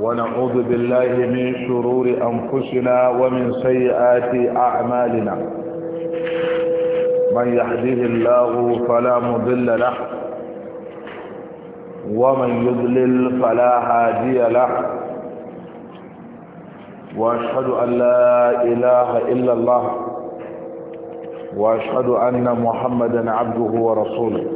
ونعوذ بالله من شرور أنفسنا ومن سيئات أعمالنا من يهديه الله فلا مضل له ومن يضلل فلا هادي له وأشهد أن لا إله إلا الله وأشهد أن محمدا عبده ورسوله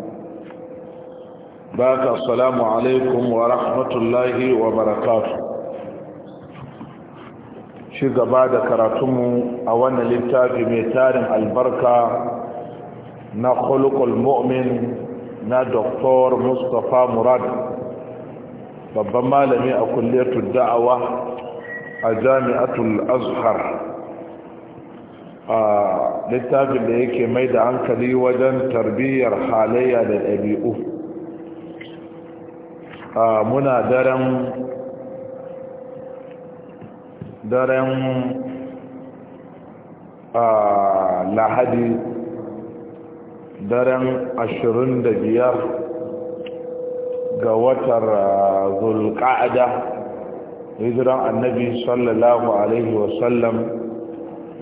بارك السلام عليكم ورحمة الله وبركاته شيء بعد كراتم أولا لنتاج ميتار البركة نخلق المؤمن نا دكتور مصطفى مراد ربما لم يأكل لية الدعوة أجامعة الأزهر آه، لنتاج ليكي ميد عنك وجن تربية رحالية للأبي أوف muna daren daren lahadi daren ashirin da biyar ga watar zulka'ada hijiran annabi sallallahu alaihi wasallam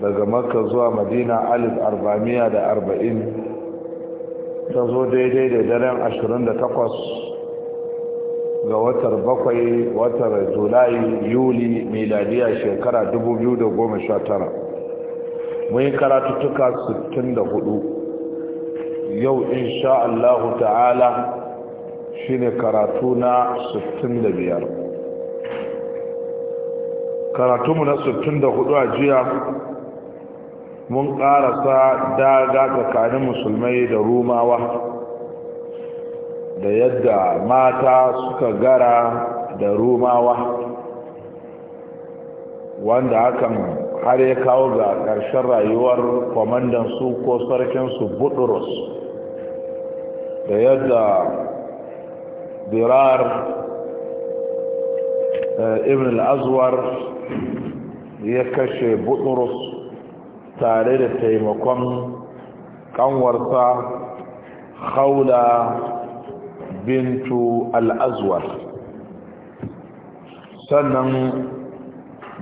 daga makka zuwa madina alif arba'amiya da arba'in ta zo daidai da daren ashirin da takwas ga watar bakwai watar julai yuli miladiya shekara 2019 mun yi karatuttuka 64 yau insha Allah ta'ala shine karatu na 65 karatunmu na 64 a jiya mun karasa daga tsakanin musulmai da rumawa da yadda mata suka gara da rumawa wanda hakan har ya kawo ga ƙarshen rayuwar kwamandan su ko sarkinsu buturus da yadda birar eh, ibn al'azwar ya kashe buturus tare da taimakon kanwarsa haula bintu al'azwar sannan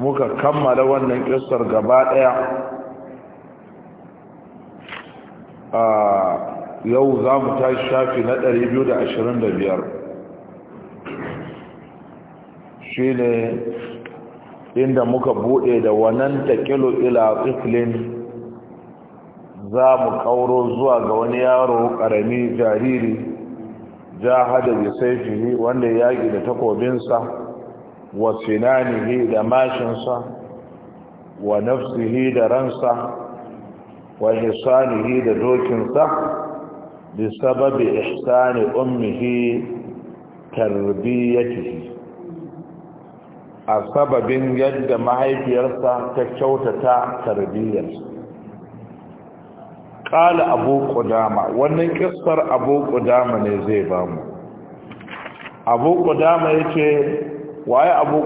muka kammala wannan kistar gaba ɗaya a yau za mu ta shafi na 225 shi ne inda muka bude da wannan taƙilu ila tsiflin za mu kauro zuwa ga wani yaro ƙarami jariri jahada bi sayfihi wanda ya yaki da takobinsa wa sinanihi da mashinsa wa nafsihi da ransa wa hisanihi da dokinsa bi sababi ihsani ummihi tarbiyatihi a sababin yadda mahaifiyarsa ta kyautata tarbiyyarsa kala abu kudama wannan ƙistar abu kudama ne zai ba mu abu kudama ya ce waye abu